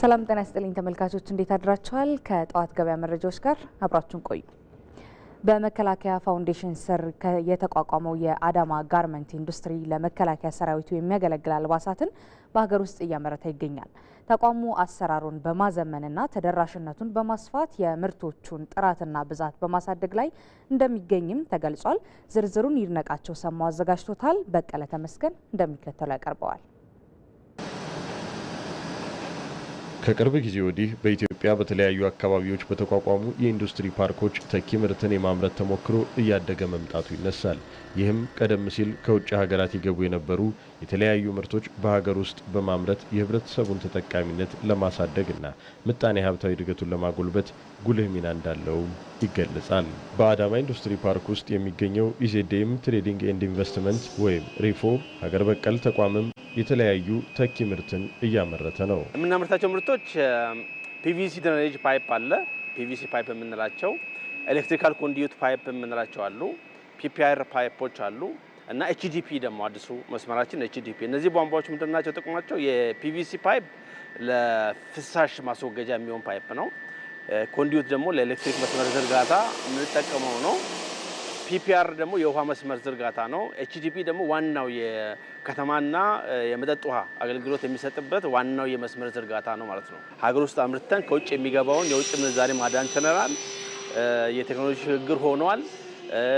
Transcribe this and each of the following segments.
ሰላም ጤና ይስጥልኝ ተመልካቾች፣ እንዴት አድራችኋል? ከጠዋት ገበያ መረጃዎች ጋር አብራችሁን ቆዩ። በመከላከያ ፋውንዴሽን ስር የተቋቋመው የአዳማ ጋርመንት ኢንዱስትሪ ለመከላከያ ሰራዊቱ የሚያገለግል አልባሳትን በሀገር ውስጥ እያመረተ ይገኛል። ተቋሙ አሰራሩን በማዘመንና ተደራሽነቱን በማስፋት የምርቶቹን ጥራትና ብዛት በማሳደግ ላይ እንደሚገኝም ተገልጿል። ዝርዝሩን ይድነቃቸው ሰማው አዘጋጅቶታል። በቀለ ተመስገን እንደሚከተለው ያቀርበዋል። ከቅርብ ጊዜ ወዲህ በኢትዮጵያ በተለያዩ አካባቢዎች በተቋቋሙ የኢንዱስትሪ ፓርኮች ተኪ ምርትን የማምረት ተሞክሮ እያደገ መምጣቱ ይነሳል። ይህም ቀደም ሲል ከውጭ ሀገራት ይገቡ የነበሩ የተለያዩ ምርቶች በሀገር ውስጥ በማምረት የህብረተሰቡን ተጠቃሚነት ለማሳደግና ምጣኔ ሀብታዊ እድገቱን ለማጎልበት ጉልህ ሚና እንዳለውም ይገለጻል። በአዳማ ኢንዱስትሪ ፓርክ ውስጥ የሚገኘው ኢዜዴም ትሬዲንግ ኤንድ ኢንቨስትመንት ወይም ሪፎ ሀገር በቀል ተቋምም የተለያዩ ተኪ ምርትን እያመረተ ነው። የምናመርታቸው ምርቶች ፒቪሲ ድሬኔጅ ፓይፕ አለ። ፒቪሲ ፓይፕ የምንላቸው ኤሌክትሪካል ኮንዲዩት ፓይፕ የምንላቸው አሉ። ፒፒአር ፓይፖች አሉ እና ኤችዲፒ ደግሞ አዲሱ መስመራችን ኤችዲፒ። እነዚህ ቧንቧዎች ምንድን ናቸው ጥቅማቸው? የፒቪሲ ፓይፕ ለፍሳሽ ማስወገጃ የሚሆን ፓይፕ ነው። ኮንዲዩት ደግሞ ለኤሌክትሪክ መስመር ዝርጋታ የምንጠቀመው ነው። ፒፒአር ደግሞ የውሃ መስመር ዝርጋታ ነው። ኤችዲፒ ደግሞ ዋናው የከተማና የመጠጥ ውሃ አገልግሎት የሚሰጥበት ዋናው የመስመር ዝርጋታ ነው ማለት ነው። ሀገር ውስጥ አምርተን ከውጭ የሚገባውን የውጭ ምንዛሬ ማዳን ችለናል። የቴክኖሎጂ ሽግግር ሆኗል።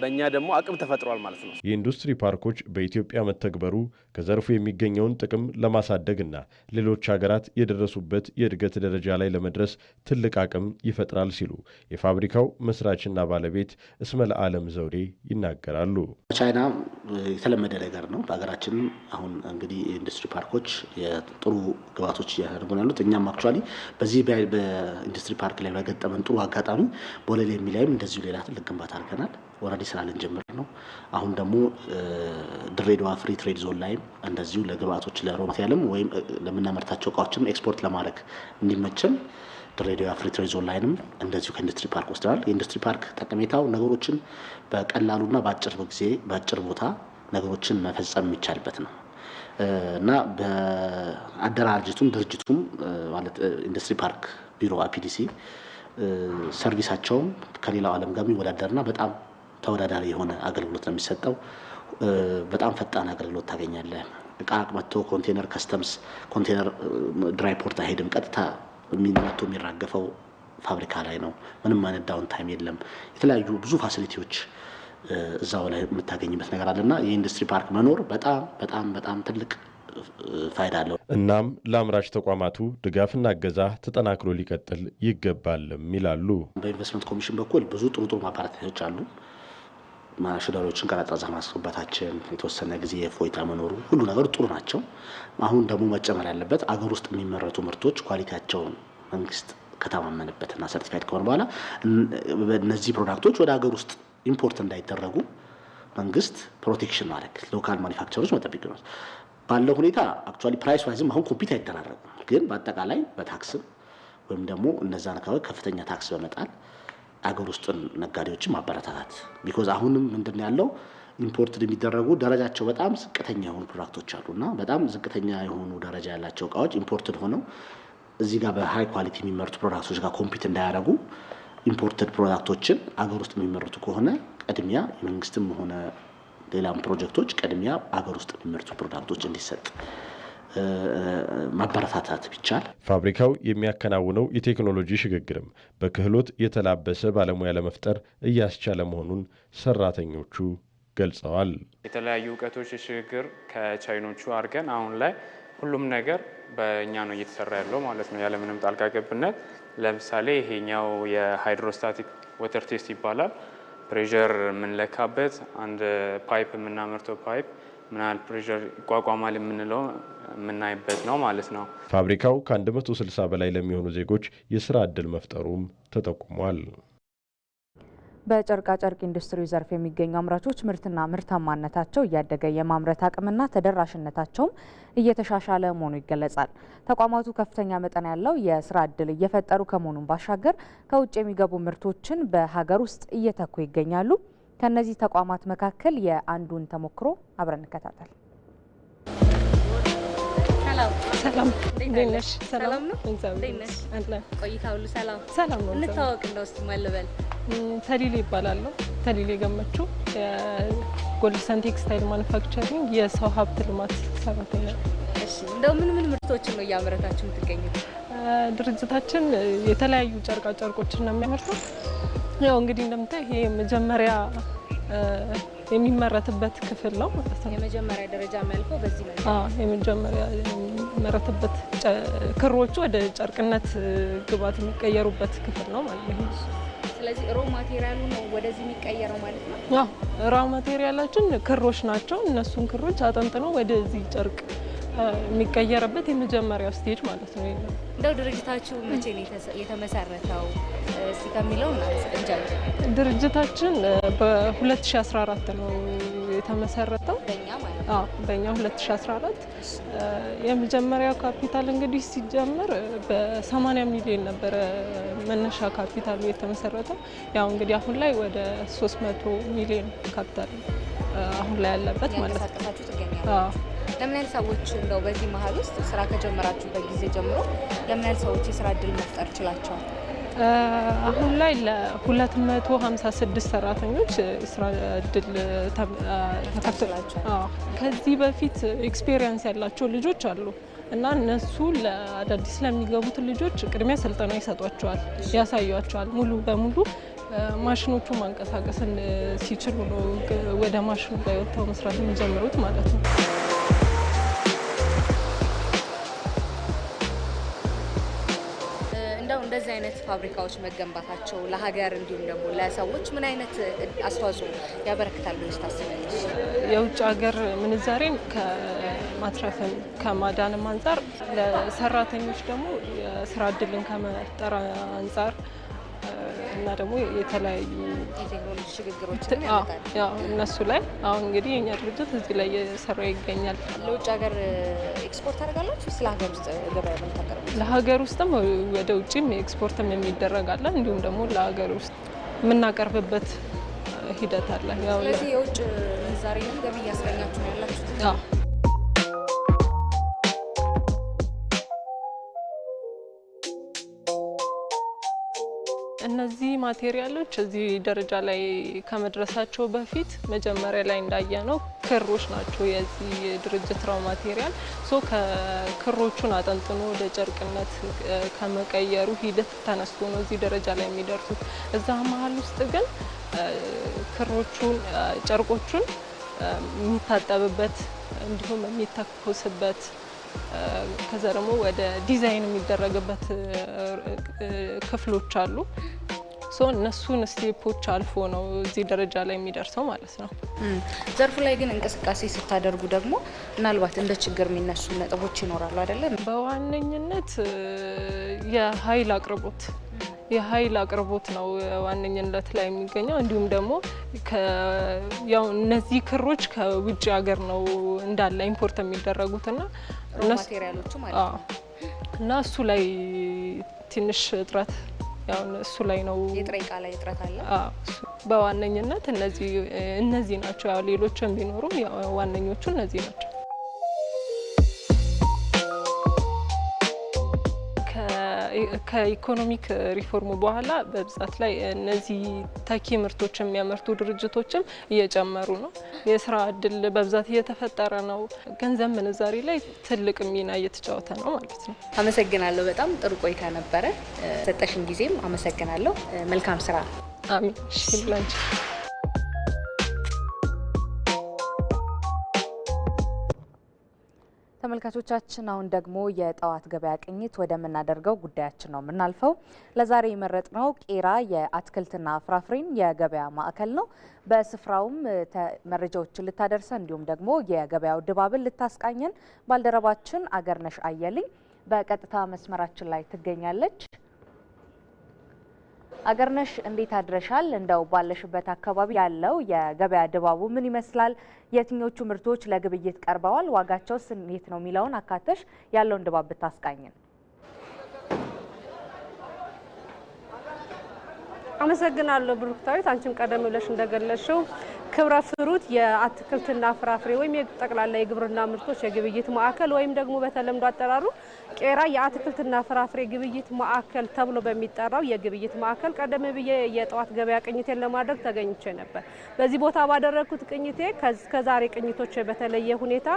በእኛ ደግሞ አቅም ተፈጥሯል ማለት ነው። የኢንዱስትሪ ፓርኮች በኢትዮጵያ መተግበሩ ከዘርፉ የሚገኘውን ጥቅም ለማሳደግና ሌሎች ሀገራት የደረሱበት የእድገት ደረጃ ላይ ለመድረስ ትልቅ አቅም ይፈጥራል ሲሉ የፋብሪካው መስራችና ባለቤት እስመ ለዓለም ዘውዴ ይናገራሉ። ቻይና የተለመደ ነገር ነው። በሀገራችን አሁን እንግዲህ የኢንዱስትሪ ፓርኮች የጥሩ ግባቶች እያደረጉ ያሉት እኛም አክቹዋሊ በዚህ በኢንዱስትሪ ፓርክ ላይ በገጠመን ጥሩ አጋጣሚ ቦሌ የሚላይም እንደዚሁ ሌላ ትልቅ ግንባታ አድርገናል። ወራዴ ስራ ልንጀምር ነው። አሁን ደግሞ ድሬዳዋ ፍሪ ትሬድ ዞን ላይም እንደዚሁ ለግብአቶች ለሮ ማቴሪያልም ወይም ለምናመርታቸው እቃዎችም ኤክስፖርት ለማድረግ እንዲመችም ድሬዳዋ ፍሪ ትሬድ ዞን ላይንም እንደዚሁ ከኢንዱስትሪ ፓርክ ወስደናል። የኢንዱስትሪ ፓርክ ጠቀሜታው ነገሮችን በቀላሉና በአጭር ጊዜ በአጭር ቦታ ነገሮችን መፈጸም የሚቻልበት ነው እና በአደራጅቱም ድርጅቱም ማለት ኢንዱስትሪ ፓርክ ቢሮ አፒዲሲ ሰርቪሳቸውም ከሌላው ዓለም ጋር የሚወዳደርና በጣም ተወዳዳሪ የሆነ አገልግሎት ነው የሚሰጠው። በጣም ፈጣን አገልግሎት ታገኛለህ። እቃ መጥቶ ኮንቴነር ከስተምስ ኮንቴነር ድራይፖርት አይሄድም። ቀጥታ የሚመቶ የሚራገፈው ፋብሪካ ላይ ነው። ምንም አይነት ዳውን ታይም የለም። የተለያዩ ብዙ ፋሲሊቲዎች እዛው ላይ የምታገኝበት ነገር አለና የኢንዱስትሪ ፓርክ መኖር በጣም በጣም በጣም ትልቅ ፋይዳ አለው። እናም ለአምራች ተቋማቱ ድጋፍና እገዛ ተጠናክሮ ሊቀጥል ይገባልም ይላሉ። በኢንቨስትመንት ኮሚሽን በኩል ብዙ ጥሩ ጥሩ ማበረታቻዎች አሉ። ማሽነሪዎችን ቀረጻ ማስገባታችን የተወሰነ ጊዜ የፎይታ መኖሩ ሁሉ ነገር ጥሩ ናቸው። አሁን ደግሞ መጨመር ያለበት አገር ውስጥ የሚመረቱ ምርቶች ኳሊቲያቸውን መንግስት ከተማመንበትና ሰርቲፋይድ ከሆነ በኋላ እነዚህ ፕሮዳክቶች ወደ ሀገር ውስጥ ኢምፖርት እንዳይደረጉ መንግስት ፕሮቴክሽን ማድረግ ሎካል ማኒፋክቸሮች መጠበቅ ነው። ባለው ሁኔታ አክቹዋሊ ፕራይስ ዋይዝም አሁን ኮምፒት አይደራረጉም፣ ግን በአጠቃላይ በታክስም ወይም ደግሞ እነዛን አካባቢ ከፍተኛ ታክስ በመጣል አገር ውስጥ ነጋዴዎችን ማበረታታት ቢኮዝ አሁንም ምንድን ያለው ኢምፖርት የሚደረጉ ደረጃቸው በጣም ዝቅተኛ የሆኑ ፕሮዳክቶች አሉ እና በጣም ዝቅተኛ የሆኑ ደረጃ ያላቸው እቃዎች ኢምፖርትድ ሆነው እዚህ ጋር በሃይ ኳሊቲ የሚመርቱ ፕሮዳክቶች ጋር ኮምፒት እንዳያደረጉ ኢምፖርትድ ፕሮዳክቶችን አገር ውስጥ የሚመርቱ ከሆነ ቅድሚያ የመንግስትም ሆነ ሌላም ፕሮጀክቶች ቅድሚያ አገር ውስጥ የሚመርቱ ፕሮዳክቶች እንዲሰጥ ማበረታታት ቢቻል ፋብሪካው የሚያከናውነው የቴክኖሎጂ ሽግግርም በክህሎት የተላበሰ ባለሙያ ለመፍጠር እያስቻለ መሆኑን ሰራተኞቹ ገልጸዋል። የተለያዩ እውቀቶች ሽግግር ከቻይኖቹ አድርገን አሁን ላይ ሁሉም ነገር በእኛ ነው እየተሰራ ያለው ማለት ነው፣ ያለምንም ጣልቃ ገብነት። ለምሳሌ ይሄኛው የሃይድሮስታቲክ ወተር ቴስት ይባላል። ፕሬዠር የምንለካበት አንድ ፓይፕ የምናመርተው ፓይፕ ምናል ፕሬር ይቋቋማል የምንለው የምናይበት ነው ማለት ነው። ፋብሪካው ከ160 በላይ ለሚሆኑ ዜጎች የስራ እድል መፍጠሩም ተጠቁሟል። በጨርቃጨርቅ ኢንዱስትሪ ዘርፍ የሚገኙ አምራቾች ምርትና ምርታማነታቸው እያደገ የማምረት አቅምና ተደራሽነታቸውም እየተሻሻለ መሆኑ ይገለጻል። ተቋማቱ ከፍተኛ መጠን ያለው የስራ እድል እየፈጠሩ ከመሆኑን ባሻገር ከውጭ የሚገቡ ምርቶችን በሀገር ውስጥ እየተኩ ይገኛሉ። ከእነዚህ ተቋማት መካከል የአንዱን ተሞክሮ አብረን እንከታተል። ሰላም ቆይታ ሁሉ ሰላም ሰላም ነው። እንታወቅ ተሊሌ ይባላለሁ። ተሊሌ ገመችው የጎልሰን ቴክስታይል ማኑፋክቸሪንግ የሰው ሀብት ልማት ሰራተኛ። እንደው ምን ምን ምርቶችን ነው እያመረታችሁ የምትገኙት? ድርጅታችን የተለያዩ ጨርቃ ጨርቆችን ነው የሚያመርቱት? ያው እንግዲህ እንደምታይ ይሄ መጀመሪያ የሚመረትበት ክፍል ነው ማለት ነው። የመጀመሪያ ደረጃ መልኮ በዚህ መልኩ አዎ፣ የመጀመሪያ የሚመረትበት ክሮቹ ወደ ጨርቅነት ግብአት የሚቀየሩበት ክፍል ነው ማለት ነው። ስለዚህ ሮ ማቴሪያሉ ነው ወደዚህ የሚቀየረው ማለት ነው። አዎ፣ ሮ ማቴሪያላችን ክሮች ናቸው። እነሱን ክሮች አጠንጥነው ወደዚህ ጨርቅ የሚቀየርበት የመጀመሪያው ስቴጅ ማለት ነው። እንደው ድርጅታችሁ መቼ ነው የተመሰረተው እስቲ ከሚለው እንጀምር። ድርጅታችን በ2014 ነው የተመሰረተው በእኛ 2014። የመጀመሪያው ካፒታል እንግዲህ ሲጀምር በ80 ሚሊዮን ነበረ መነሻ ካፒታሉ የተመሰረተው። ያው እንግዲህ አሁን ላይ ወደ 300 ሚሊዮን ካፒታል አሁን ላይ ያለበት ማለት ነው። ለምን ያህል ሰዎች እንደው በዚህ መሀል ውስጥ ስራ ከጀመራችሁበት ጊዜ ጀምሮ ለምን ያህል ሰዎች የስራ እድል መፍጠር ችላቸዋል? አሁን ላይ ለ256 ሰራተኞች ስራ እድል ተከፍቶላቸዋል። ከዚህ በፊት ኤክስፔሪየንስ ያላቸው ልጆች አሉ እና እነሱ ለአዳዲስ ለሚገቡት ልጆች ቅድሚያ ስልጠና ይሰጧቸዋል፣ ያሳያቸዋል። ሙሉ በሙሉ ማሽኖቹ ማንቀሳቀስ ሲችሉ ነው ወደ ማሽኑ ላይ ወጥተው መስራት የሚጀምሩት ማለት ነው። ፋብሪካዎች መገንባታቸው ለሀገር እንዲሁም ደግሞ ለሰዎች ምን አይነት አስተዋጽኦ ያበረክታል ብለሽ ታስቢያለሽ? የውጭ ሀገር ምንዛሬን ከማትረፍም ከማዳንም አንጻር ለሰራተኞች ደግሞ የስራ እድልን ከመፍጠር አንጻር እና ደግሞ የተለያዩ እነሱ ላይ አሁን እንግዲህ የኛ ድርጅት እዚህ ላይ እየሰራ ይገኛል። ለውጭ ሀገር ኤክስፖርት ታደርጋላችሁ? ስለ ሀገር ውስጥ ገበያ ለሀገር ውስጥም ወደ ውጭም ኤክስፖርትም የሚደረጋለ እንዲሁም ደግሞ ለሀገር ውስጥ የምናቀርብበት ሂደት አለ። ስለዚህ የውጭ ምንዛሬ ገቢ እያስገኛችሁ ያላችሁት እነዚህ ማቴሪያሎች እዚህ ደረጃ ላይ ከመድረሳቸው በፊት መጀመሪያ ላይ እንዳየ ነው ክሮች ናቸው የዚህ ድርጅት ራው ማቴሪያል ሶ ከክሮቹን አጠንጥኖ ወደ ጨርቅነት ከመቀየሩ ሂደት ተነስቶ ነው እዚህ ደረጃ ላይ የሚደርሱት። እዛ መሀል ውስጥ ግን ክሮቹን ጨርቆቹን የሚታጠብበት እንዲሁም የሚተኮስበት ከዛ ደግሞ ወደ ዲዛይን የሚደረግበት ክፍሎች አሉ። ሶ እነሱን ስቴፖች አልፎ ነው እዚህ ደረጃ ላይ የሚደርሰው ማለት ነው። ዘርፉ ላይ ግን እንቅስቃሴ ስታደርጉ ደግሞ ምናልባት እንደ ችግር የሚነሱ ነጥቦች ይኖራሉ አይደለም? በዋነኝነት የኃይል አቅርቦት የኃይል አቅርቦት ነው ዋነኝነት ላይ የሚገኘው። እንዲሁም ደግሞ ያው እነዚህ ክሮች ከውጭ ሀገር ነው እንዳለ ኢምፖርት የሚደረጉት የሚደረጉትና እና እሱ ላይ ትንሽ እጥረት እሱ ላይ ነው። የጥሬ ዕቃ ላይ እጥረት አለ። በዋነኝነት እነዚህ ናቸው። ሌሎችም ቢኖሩም ዋነኞቹ እነዚህ ናቸው። ከኢኮኖሚክ ሪፎርሙ በኋላ በብዛት ላይ እነዚህ ተኪ ምርቶች የሚያመርቱ ድርጅቶችም እየጨመሩ ነው። የስራ እድል በብዛት እየተፈጠረ ነው። ገንዘብ ምንዛሪ ላይ ትልቅ ሚና እየተጫወተ ነው ማለት ነው። አመሰግናለሁ። በጣም ጥሩ ቆይታ ነበረ። ሰጠሽን ጊዜም አመሰግናለሁ። መልካም ስራ። አሚን። ተመልካቾቻችን አሁን ደግሞ የጠዋት ገበያ ቅኝት ወደምናደርገው ጉዳያችን ነው የምናልፈው። ለዛሬ የመረጥ ነው ቄራ የአትክልትና ፍራፍሬን የገበያ ማዕከል ነው። በስፍራውም መረጃዎችን ልታደርሰን እንዲሁም ደግሞ የገበያው ድባብን ልታስቃኘን ባልደረባችን አገርነሽ አየልኝ በቀጥታ መስመራችን ላይ ትገኛለች። አገርነሽ እንዴት አድረሻል? እንደው ባለሽበት አካባቢ ያለው የገበያ ድባቡ ምን ይመስላል? የትኞቹ ምርቶች ለግብይት ቀርበዋል? ዋጋቸውስ እንዴት ነው የሚለውን አካተሽ ያለውን ድባብ ብታስቃኝን። አመሰግናለሁ ብሩክታዊት። አንቺም ቀደም ብለሽ እንደገለሽው ክብረ ፍሩት የአትክልትና ፍራፍሬ ወይም ጠቅላላ የግብርና ምርቶች የግብይት ማዕከል ወይም ደግሞ በተለምዶ አጠራሩ ቄራ የአትክልትና ፍራፍሬ ግብይት ማዕከል ተብሎ በሚጠራው የግብይት ማዕከል ቀደም ብዬ የጠዋት ገበያ ቅኝቴን ለማድረግ ተገኝቼ ነበር። በዚህ ቦታ ባደረግኩት ቅኝቴ ከዛሬ ቅኝቶች በተለየ ሁኔታ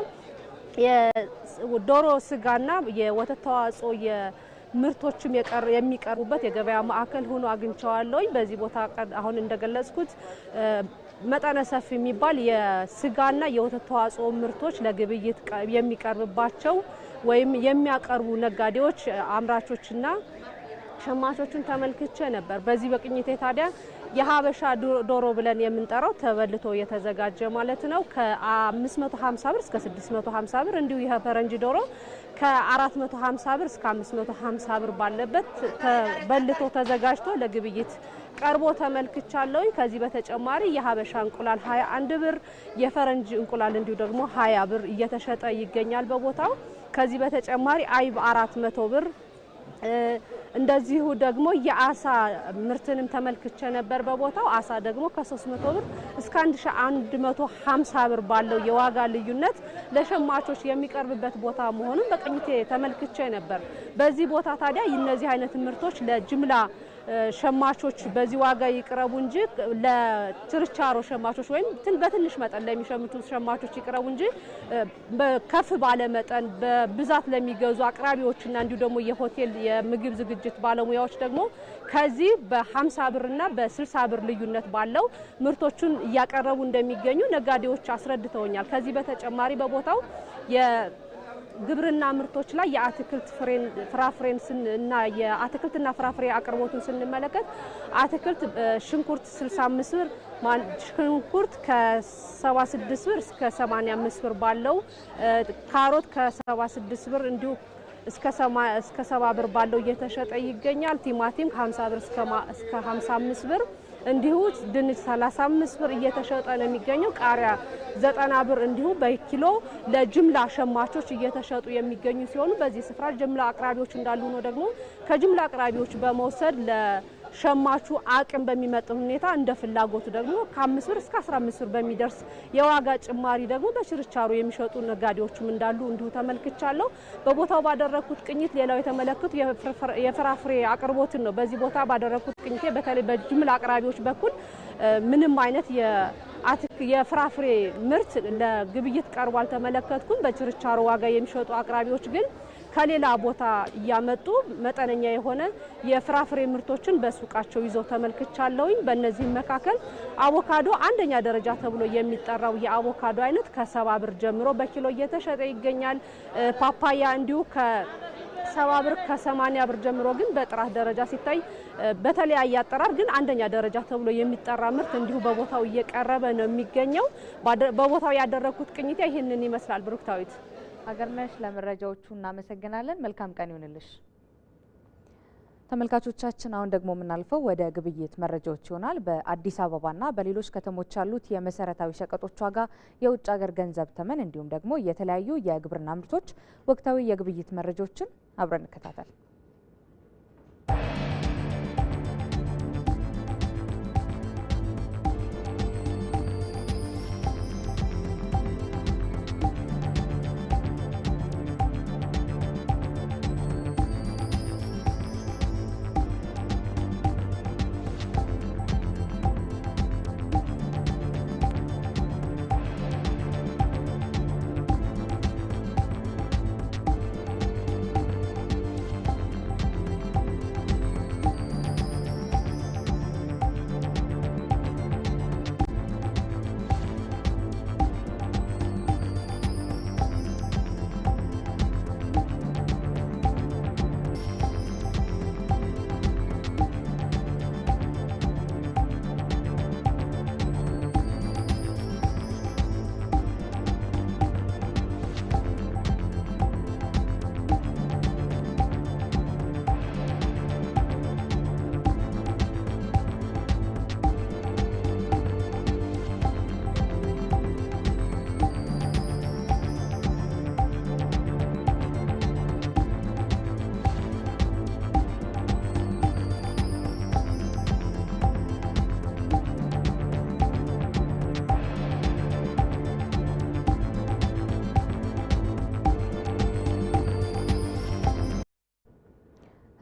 የዶሮ ስጋና የወተት ተዋጽኦ ምርቶችም የሚቀርቡበት የገበያ ማዕከል ሆኖ አግኝቸዋለሁኝ። በዚህ ቦታ አሁን እንደገለጽኩት መጠነ ሰፊ የሚባል የስጋና የወተት ተዋጽኦ ምርቶች ለግብይት የሚቀርብባቸው ወይም የሚያቀርቡ ነጋዴዎች፣ አምራቾችና ሸማቾችን ተመልክቼ ነበር። በዚህ በቅኝቴ ታዲያ የሀበሻ ዶሮ ብለን የምንጠራው ተበልቶ የተዘጋጀ ማለት ነው ከ550 ብር እስከ 650 ብር እንዲሁ የፈረንጅ ዶሮ ከ450 ብር እስከ 550 ብር ባለበት ተበልቶ ተዘጋጅቶ ለግብይት ቀርቦ ተመልክቻለሁ። ከዚህ በተጨማሪ የሀበሻ እንቁላል 21 ብር፣ የፈረንጅ እንቁላል እንዲሁ ደግሞ 20 ብር እየተሸጠ ይገኛል በቦታው። ከዚህ በተጨማሪ አይብ 400 ብር እንደዚሁ ደግሞ የአሳ ምርትንም ተመልክቼ ነበር በቦታው። አሳ ደግሞ ከ300 ብር እስከ 1150 ብር ባለው የዋጋ ልዩነት ለሸማቾች የሚቀርብበት ቦታ መሆኑን በቅኝቴ ተመልክቼ ነበር። በዚህ ቦታ ታዲያ እነዚህ አይነት ምርቶች ለጅምላ ሸማቾች በዚህ ዋጋ ይቅረቡ እንጂ ለችርቻሮ ሸማቾች ወይም በትንሽ መጠን ለሚሸምቱ ሸማቾች ይቅረቡ እንጂ ከፍ ባለ መጠን በብዛት ለሚገዙ አቅራቢዎችና እንዲሁ ደግሞ የሆቴል የምግብ ዝግጅት ባለሙያዎች ደግሞ ከዚህ በ50 ብርና በ60 ብር ልዩነት ባለው ምርቶቹን እያቀረቡ እንደሚገኙ ነጋዴዎች አስረድተውኛል። ከዚህ በተጨማሪ በቦታው ግብርና ምርቶች ላይ የአትክልት ፍሬን ፍራፍሬን እና የአትክልትና ፍራፍሬ አቅርቦቱን ስንመለከት አትክልት ሽንኩርት 65 ብር፣ ሽንኩርት ከ76 ብር እስከ 85 ብር ባለው፣ ካሮት ከ76 ብር እንዲሁ እስከ 70 ብር ባለው እየተሸጠ ይገኛል። ቲማቲም ከ50 ብር እስከ 55 ብር እንዲሁ ድንች 35 ብር እየተሸጠ ነው የሚገኘው። ቃሪያ 90 ብር እንዲሁ በኪሎ ለጅምላ ሸማቾች እየተሸጡ የሚገኙ ሲሆኑ በዚህ ስፍራ ጅምላ አቅራቢዎች እንዳሉ ነው ደግሞ ከጅምላ አቅራቢዎች በመውሰድ ለ ሸማቹ አቅም በሚመጥን ሁኔታ እንደ ፍላጎቱ ደግሞ ከአምስት ብር እስከ አስራ አምስት ብር በሚደርስ የዋጋ ጭማሪ ደግሞ በችርቻሮ የሚሸጡ ነጋዴዎችም እንዳሉ እንዲሁ ተመልክቻለሁ። በቦታው ባደረግኩት ቅኝት ሌላው የተመለከቱ የፍራፍሬ አቅርቦትን ነው። በዚህ ቦታ ባደረግኩት ቅኝቴ በተለይ በጅምላ አቅራቢዎች በኩል ምንም አይነት የፍራፍሬ ምርት ለግብይት ቀርቦ አልተመለከትኩም። በችርቻሮ ዋጋ የሚሸጡ አቅራቢዎች ግን ከሌላ ቦታ እያመጡ መጠነኛ የሆነ የፍራፍሬ ምርቶችን በሱቃቸው ይዘው ተመልክቻለሁኝ። በእነዚህም መካከል አቮካዶ አንደኛ ደረጃ ተብሎ የሚጠራው የአቮካዶ አይነት ከሰባ ብር ጀምሮ በኪሎ እየተሸጠ ይገኛል። ፓፓያ እንዲሁ ሰባ ብር ከሰማኒያ ብር ጀምሮ ግን በጥራት ደረጃ ሲታይ በተለያየ አጠራር ግን አንደኛ ደረጃ ተብሎ የሚጠራ ምርት እንዲሁ በቦታው እየቀረበ ነው የሚገኘው። በቦታው ያደረግኩት ቅኝታ ይህንን ይመስላል። ብሩክታዊት ሀገርነሽ ለመረጃዎቹ እናመሰግናለን። መልካም ቀን ይሁንልሽ። ተመልካቾቻችን አሁን ደግሞ የምናልፈው ወደ ግብይት መረጃዎች ይሆናል። በአዲስ አበባና በሌሎች ከተሞች ያሉት የመሰረታዊ ሸቀጦች ዋጋ፣ የውጭ ሀገር ገንዘብ ተመን እንዲሁም ደግሞ የተለያዩ የግብርና ምርቶች ወቅታዊ የግብይት መረጃዎችን አብረን እንከታተል።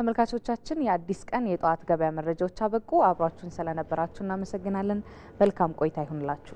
ተመልካቾቻችን የአዲስ ቀን የጠዋት ገበያ መረጃዎች አበቁ። አብሯችሁን ስለነበራችሁ እናመሰግናለን። መልካም ቆይታ ይሁንላችሁ።